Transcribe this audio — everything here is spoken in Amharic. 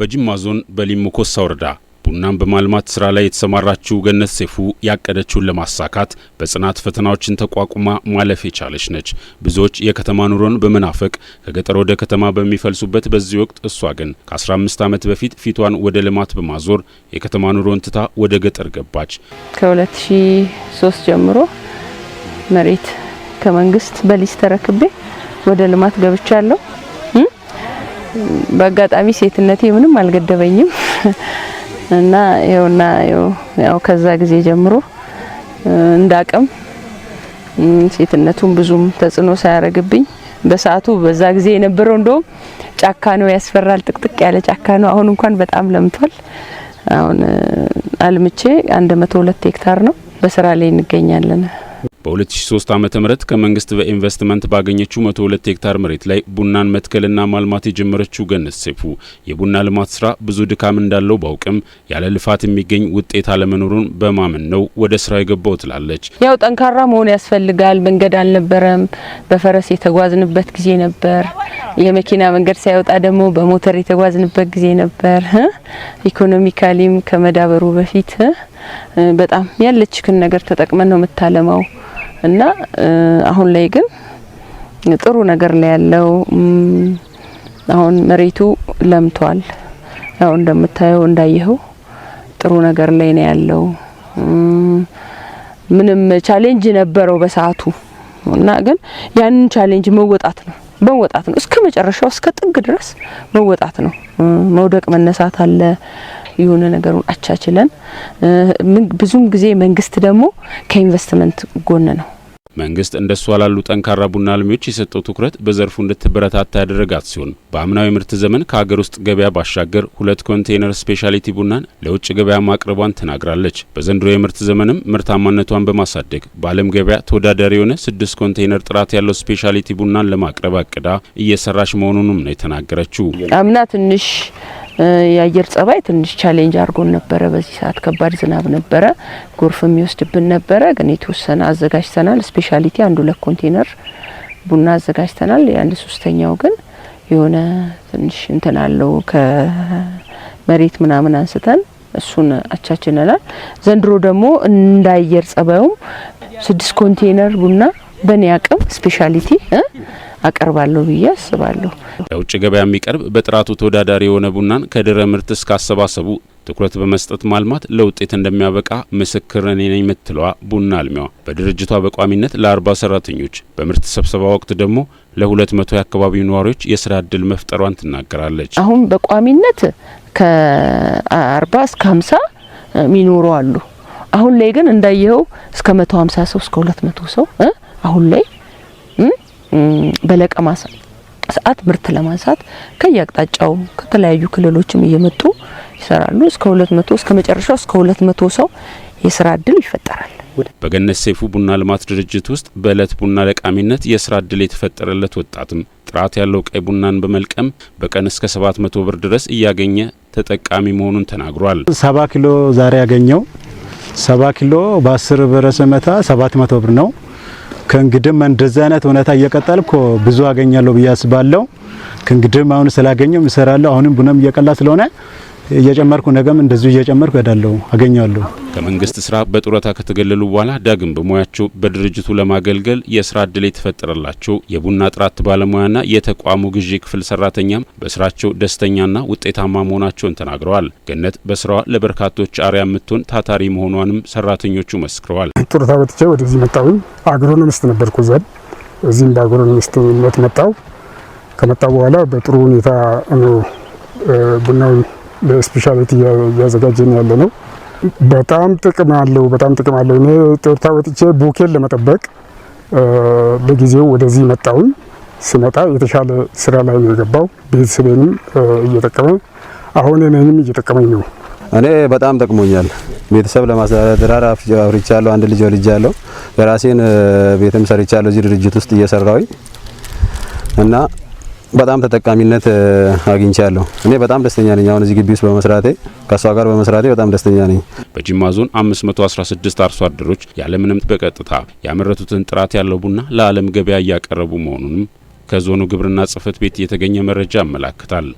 በጅማ ዞን በሊሙ ኮሳ ወረዳ ቡናን በማልማት ስራ ላይ የተሰማራችው ገነት ሴፉ ያቀደችውን ለማሳካት በጽናት ፈተናዎችን ተቋቁማ ማለፍ የቻለች ነች። ብዙዎች የከተማ ኑሮን በመናፈቅ ከገጠር ወደ ከተማ በሚፈልሱበት በዚህ ወቅት እሷ ግን ከ15 ዓመት በፊት ፊቷን ወደ ልማት በማዞር የከተማ ኑሮን ትታ ወደ ገጠር ገባች። ከ2003 ጀምሮ መሬት ከመንግስት በሊዝ ተረክቤ ወደ ልማት ገብቻለሁ። በአጋጣሚ ሴትነቴ ምንም አልገደበኝም እና ይኸውና ያው ከዛ ጊዜ ጀምሮ እንዳቅም ሴትነቱን ብዙም ተጽዕኖ ሳያደርግብኝ በሰዓቱ በዛ ጊዜ የነበረው እንደውም ጫካ ነው ያስፈራል፣ ጥቅጥቅ ያለ ጫካ ነው። አሁን እንኳን በጣም ለምቷል። አሁን አልምቼ አንድ መቶ ሁለት ሄክታር ነው። በስራ ላይ እንገኛለን። በ2003 ዓ ም ከመንግስት በኢንቨስትመንት ባገኘችው 102 ሄክታር መሬት ላይ ቡናን መትከልና ማልማት የጀመረችው ገነት ሴፉ የቡና ልማት ስራ ብዙ ድካም እንዳለው ባውቅም ያለ ልፋት የሚገኝ ውጤት አለመኖሩን በማመን ነው ወደ ስራ የገባው ትላለች። ያው ጠንካራ መሆን ያስፈልጋል። መንገድ አልነበረም። በፈረስ የተጓዝንበት ጊዜ ነበር። የመኪና መንገድ ሳይወጣ ደግሞ በሞተር የተጓዝንበት ጊዜ ነበር። ኢኮኖሚካሊም ከመዳበሩ በፊት በጣም ያለችክን ነገር ተጠቅመን ነው የምታለመው እና አሁን ላይ ግን ጥሩ ነገር ላይ ያለው አሁን መሬቱ ለምቷል። ያው እንደምታየው እንዳየኸው ጥሩ ነገር ላይ ነው ያለው። ምንም ቻሌንጅ ነበረው በሰዓቱ እና ግን ያንን ቻሌንጅ መወጣት ነው መወጣት ነው እስከ መጨረሻው እስከ ጥግ ድረስ መወጣት ነው። መውደቅ መነሳት አለ። የሆነ ነገሩን አቻችለን ብዙም ጊዜ መንግስት ደግሞ ከኢንቨስትመንት ጎን ነው። መንግስት እንደሷ ላሉ ጠንካራ ቡና አልሚዎች የሰጠው ትኩረት በዘርፉ እንድትበረታታ ያደረጋት ሲሆን በአምናዊ ምርት ዘመን ከሀገር ውስጥ ገበያ ባሻገር ሁለት ኮንቴይነር ስፔሻሊቲ ቡናን ለውጭ ገበያ ማቅረቧን ተናግራለች። በዘንድሮ የምርት ዘመንም ምርታማነቷን በማሳደግ በዓለም ገበያ ተወዳዳሪ የሆነ ስድስት ኮንቴይነር ጥራት ያለው ስፔሻሊቲ ቡናን ለማቅረብ አቅዳ እየሰራች መሆኑንም ነው የተናገረችው። አምና ትንሽ የአየር ጸባይ ትንሽ ቻሌንጅ አድርጎን ነበረ። በዚህ ሰዓት ከባድ ዝናብ ነበረ፣ ጎርፍ የሚወስድብን ነበረ። ግን የተወሰነ አዘጋጅተናል። ስፔሻሊቲ አንዱ ሁለት ኮንቴነር ቡና አዘጋጅተናል። የአንድ ሶስተኛው ግን የሆነ ትንሽ እንትን አለው ከመሬት ምናምን አንስተን እሱን አቻችነናል። ዘንድሮ ደግሞ እንደ አየር ጸባዩም ስድስት ኮንቴነር ቡና በእኔ አቅም ስፔሻሊቲ አቀርባለሁ ብዬ አስባለሁ። ለውጭ ገበያ የሚቀርብ በጥራቱ ተወዳዳሪ የሆነ ቡናን ከድረ ምርት እስከ አሰባሰቡ ትኩረት በመስጠት ማልማት ለውጤት እንደሚያበቃ ምስክር እኔ ነኝ የምትለዋ ቡና አልሚዋ በድርጅቷ በቋሚነት ለአርባ ሰራተኞች በምርት ስብሰባ ወቅት ደግሞ ለሁለት መቶ የአካባቢው ነዋሪዎች የስራ እድል መፍጠሯን ትናገራለች። አሁን በቋሚነት ከአርባ እስከ ሀምሳ የሚኖሩ አሉ። አሁን ላይ ግን እንዳየኸው እስከ መቶ ሀምሳ ሰው እስከ ሁለት መቶ ሰው አሁን ላይ በለቀማ ሰዓት ምርት ለማንሳት ከየአቅጣጫው ከተለያዩ ክልሎችም እየመጡ ይሰራሉ። እስከ 200 እስከ መጨረሻው እስከ 200 ሰው የስራ እድል ይፈጠራል። በገነት ሰይፉ ቡና ልማት ድርጅት ውስጥ በእለት ቡና ለቃሚነት የስራ እድል የተፈጠረለት ወጣትም ጥራት ያለው ቀይ ቡናን በመልቀም በቀን እስከ 700 ብር ድረስ እያገኘ ተጠቃሚ መሆኑን ተናግሯል። 70 ኪሎ ዛሬ ያገኘው 70 ኪሎ በ10 ብር ስመታ 700 ብር ነው። ከእንግዲህም እንደዚህ አይነት እውነታ እየቀጠልኩ ብዙ አገኛለሁ ብዬ አስባለሁ። ከእንግዲህም አሁን ስላገኘው እሰራለሁ። አሁንም ቡናም እየቀላ ስለሆነ እየጨመርኩ ነገም እንደዚሁ እየጨመርኩ እሄዳለሁ፣ አገኛለሁ። ከመንግስት ስራ በጡረታ ከተገለሉ በኋላ ዳግም በሙያቸው በድርጅቱ ለማገልገል የስራ እድል የተፈጠረላቸው የቡና ጥራት ባለሙያና የተቋሙ ግዢ ክፍል ሰራተኛም በስራቸው ደስተኛና ውጤታማ መሆናቸውን ተናግረዋል። ገነት በስራዋ ለበርካቶች አርያ የምትሆን ታታሪ መሆኗንም ሰራተኞቹ መስክረዋል። ጡረታ ወጥቼ ወደዚህ መጣሁኝ። አግሮኖሚስት ነበርኩ ዘን እዚህም በአግሮኖሚስትነት መጣሁ። ከመጣሁ በኋላ በጥሩ ሁኔታ ቡናውን ለስፔሻሊቲ እያዘጋጀን ያለ ነው በጣም ጥቅም አለው። በጣም ጥቅም አለው። እኔ ጦርታ ወጥቼ ቡኬን ለመጠበቅ በጊዜው ወደዚህ መጣሁኝ። ስመጣ የተሻለ ስራ ላይ ነው የገባው። ቤተሰቤንም እየጠቀመ አሁን እኔንም እየጠቀመኝ ነው። እኔ በጣም ጠቅሞኛል። ቤተሰብ ለማስተዳደር አፍርቻለሁ። አንድ ልጅ ወልጃለሁ። የራሴን ቤትም ሰርቻለሁ እዚህ ድርጅት ውስጥ እየሰራውኝ። እና በጣም ተጠቃሚነት አግኝቻለሁ። እኔ በጣም ደስተኛ ነኝ። አሁን እዚህ ግቢ ውስጥ በመስራቴ ከእሷ ጋር በመስራቴ በጣም ደስተኛ ነኝ። በጅማ ዞን 516 አርሶ አደሮች ያለምንም በቀጥታ ያመረቱትን ጥራት ያለው ቡና ለዓለም ገበያ እያቀረቡ መሆኑንም ከዞኑ ግብርና ጽሕፈት ቤት የተገኘ መረጃ ያመላክታል።